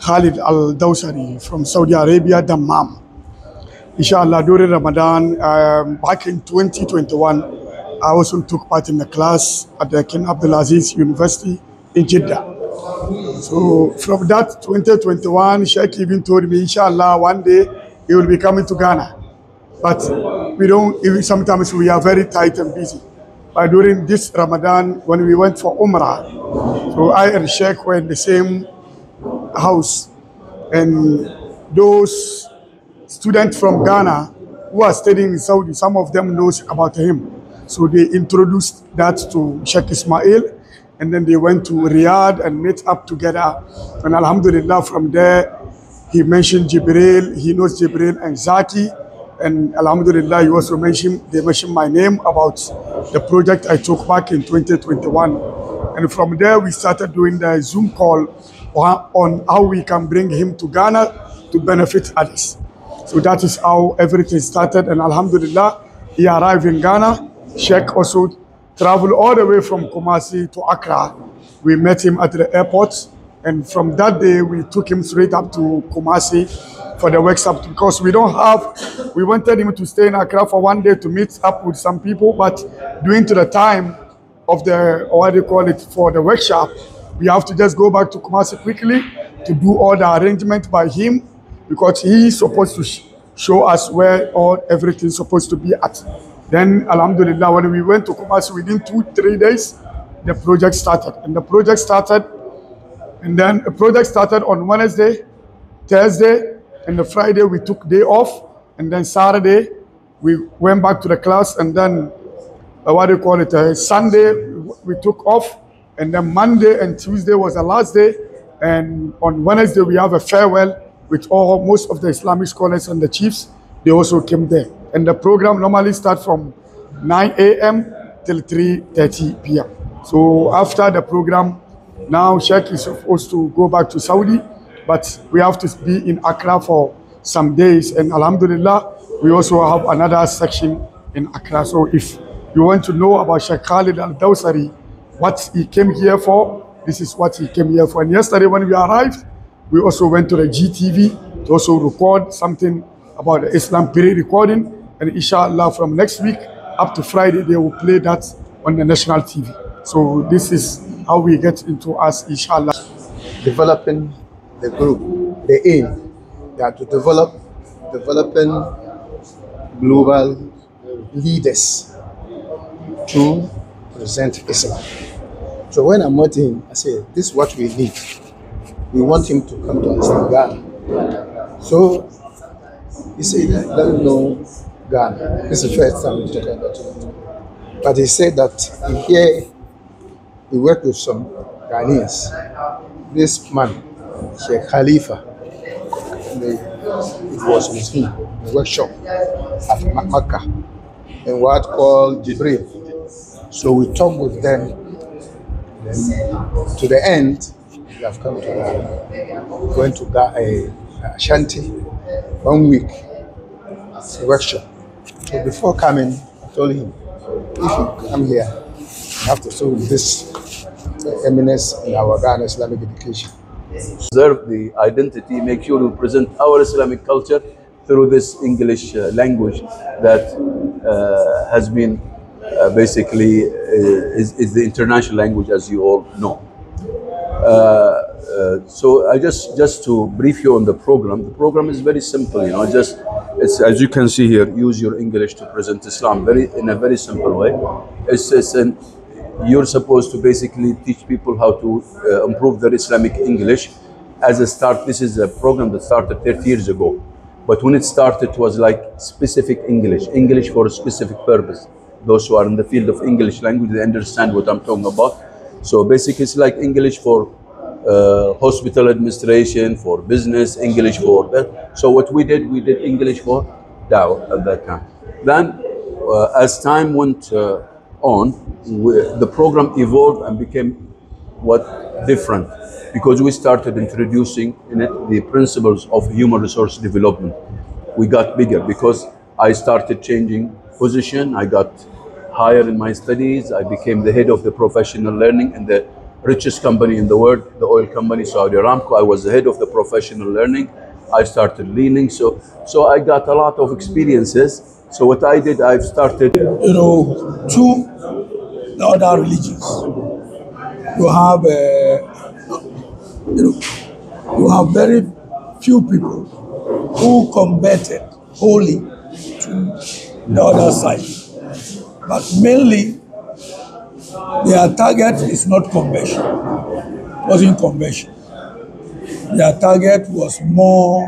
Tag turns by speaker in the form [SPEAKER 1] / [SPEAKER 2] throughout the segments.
[SPEAKER 1] Khalid Al Dawsari from Saudi Arabia, Dammam. Inshallah, during Ramadan, um, back in 2021, I also took part in a class at the King Abdulaziz University in Jeddah. So from that 2021, Sheikh even told me, inshallah, one day he will be coming to Ghana.
[SPEAKER 2] But we
[SPEAKER 1] don't, even sometimes we are very tight and busy. But during this Ramadan, when we went for Umrah, so I and Sheikh were in the same house and those students from Ghana who are studying in Saudi, some of them knows about him. So they introduced that to Sheikh Ismail and then they went to Riyadh and met up together. And Alhamdulillah, from there, he mentioned Jibril, he knows Jibril and Zaki. And Alhamdulillah, he also mentioned, they mentioned my name about the project I took back in 2021. And from there, we started doing the Zoom call on how we can bring him to Ghana to benefit others. So that is how everything started. And Alhamdulillah, he arrived in Ghana. Sheikh also traveled all the way from Kumasi to Accra. We met him at the airport. And from that day, we took him straight up to Kumasi for the workshop because we don't have, we wanted him to stay in Accra for one day to meet up with some people, but due to the time, of the, or what do you call it, for the workshop, we have to just go back to Kumasi quickly to do all the arrangement by him because he's supposed to sh show us where all everything's supposed to be at. Then, Alhamdulillah, when we went to Kumasi within two, three days, the project started. And the project started, and then the project started on Wednesday, Thursday, and the Friday we took day off. And then Saturday, we went back to the class, and then uh, what do you call it? Uh, Sunday we took off, and then Monday and Tuesday was the last day, and on Wednesday we have a farewell with all most of the Islamic scholars and the chiefs. They also came there, and the program normally starts from 9 a.m. till 3:30 p.m. So after the program, now Sheikh is supposed to go back to Saudi, but we have to be in Accra for some days. And Alhamdulillah, we also have another section in Accra. So if you want to know about Sheikh Khalid al-Dawsari, what he came here for, this is what he came here for. And yesterday when we arrived, we also went to the GTV to also record something about the Islam period recording. And inshallah, from next week up to Friday, they will play that on the national TV. So this is how we get into us, inshallah. Developing
[SPEAKER 3] the group, the aim, that to develop, developing global leaders to present Islam. So when I met him, I said, this is what we need. We want him to come to understand Ghana. So he said, I don't know Ghana. This is the first time we talking about it. But he said that here he worked with some Ghanaians. This man, Sheikh Khalifa, it was with him, the workshop at Makaka, in what called Jibril. So we talk with them. Then to the end, we have come to Ghana. Going to a uh, eh, Ashanti, one week workshop. So before coming, I told him, if you come here, you have to show this eminence in our Ghana Islamic education.
[SPEAKER 2] Preserve the identity, make sure we present our Islamic culture through this English eh, language that uh, has been uh, basically uh, is, is the international language, as you all know. Uh, uh, so I just just to brief you on the program. The program is very simple, you know. Just it's as you can see here, use your English to present Islam very in a very simple way. It's, it's an you're supposed to basically teach people how to uh, improve their Islamic English as a start. This is a program that started 30 years ago. But when it started, it was like specific English, English for a specific purpose those who are in the field of English language, they understand what I'm talking about. So basically, it's like English for uh, hospital administration, for business, English for that. So what we did, we did English for Dao at that time. Then, uh, as time went uh, on, we, the program evolved and became what different because we started introducing in it the principles of human resource development. We got bigger because I started changing position. I got higher in my studies. I became the head of the professional learning in the richest company in the world, the oil company Saudi Aramco. I was the head of the professional learning. I started leaning, so so I got a lot of experiences. So what I did, I've started. You know, two other religions.
[SPEAKER 1] You have, uh, you know, you have very few people who converted wholly to the other side. But mainly, their target is not conversion. It wasn't conversion. Their target was more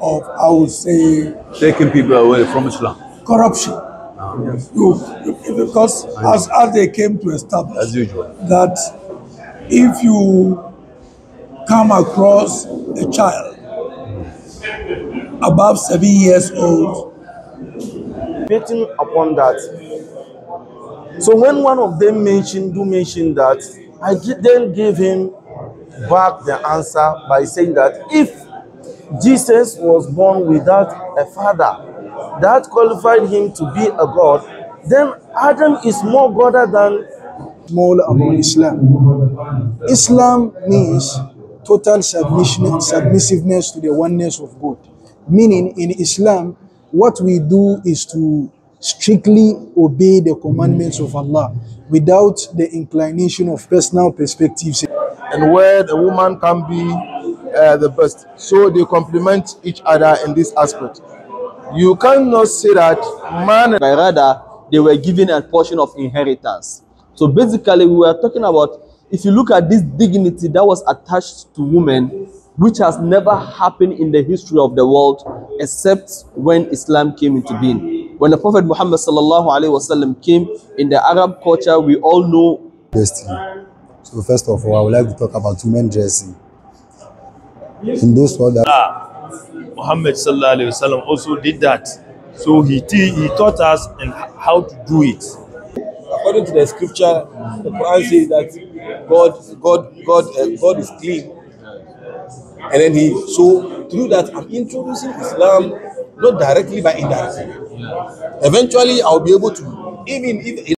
[SPEAKER 2] of, I would say, taking people away from Islam. Corruption. Oh,
[SPEAKER 1] yes. you, because as, as they came to establish as usual. that if you come across a child above seven years old,
[SPEAKER 3] betting upon that so when one of them mentioned, do mention that, I then gave him back the answer by saying that if Jesus was born without a father, that qualified him to be a god, then Adam is more God than Mawla about Islam. Islam means total submission, submissiveness to the oneness of God. Meaning in Islam, what we do is to strictly obey the commandments of Allah without the inclination of personal perspectives. And where the woman can be uh, the best. So they complement each other in this aspect. You cannot say
[SPEAKER 2] that man... rather, they were given a portion of inheritance. So basically, we were talking about, if you look at this dignity that was attached to women, which has never happened in the history of the world except when Islam came into being. When the Prophet Muhammad sallallahu alaihi wasallam came in the Arab culture, we all know
[SPEAKER 3] destiny. So first of all, I would like to talk about women dressing.
[SPEAKER 1] In those world that
[SPEAKER 2] ah, Muhammad sallallahu alaihi wasallam also did that. So he he taught us and how to do it. According to the scripture, the Quran says that God, God, God, uh, God is clean. And then he so through that I'm introducing Islam not directly by indirectly.
[SPEAKER 1] Eventually, I'll be able to, even if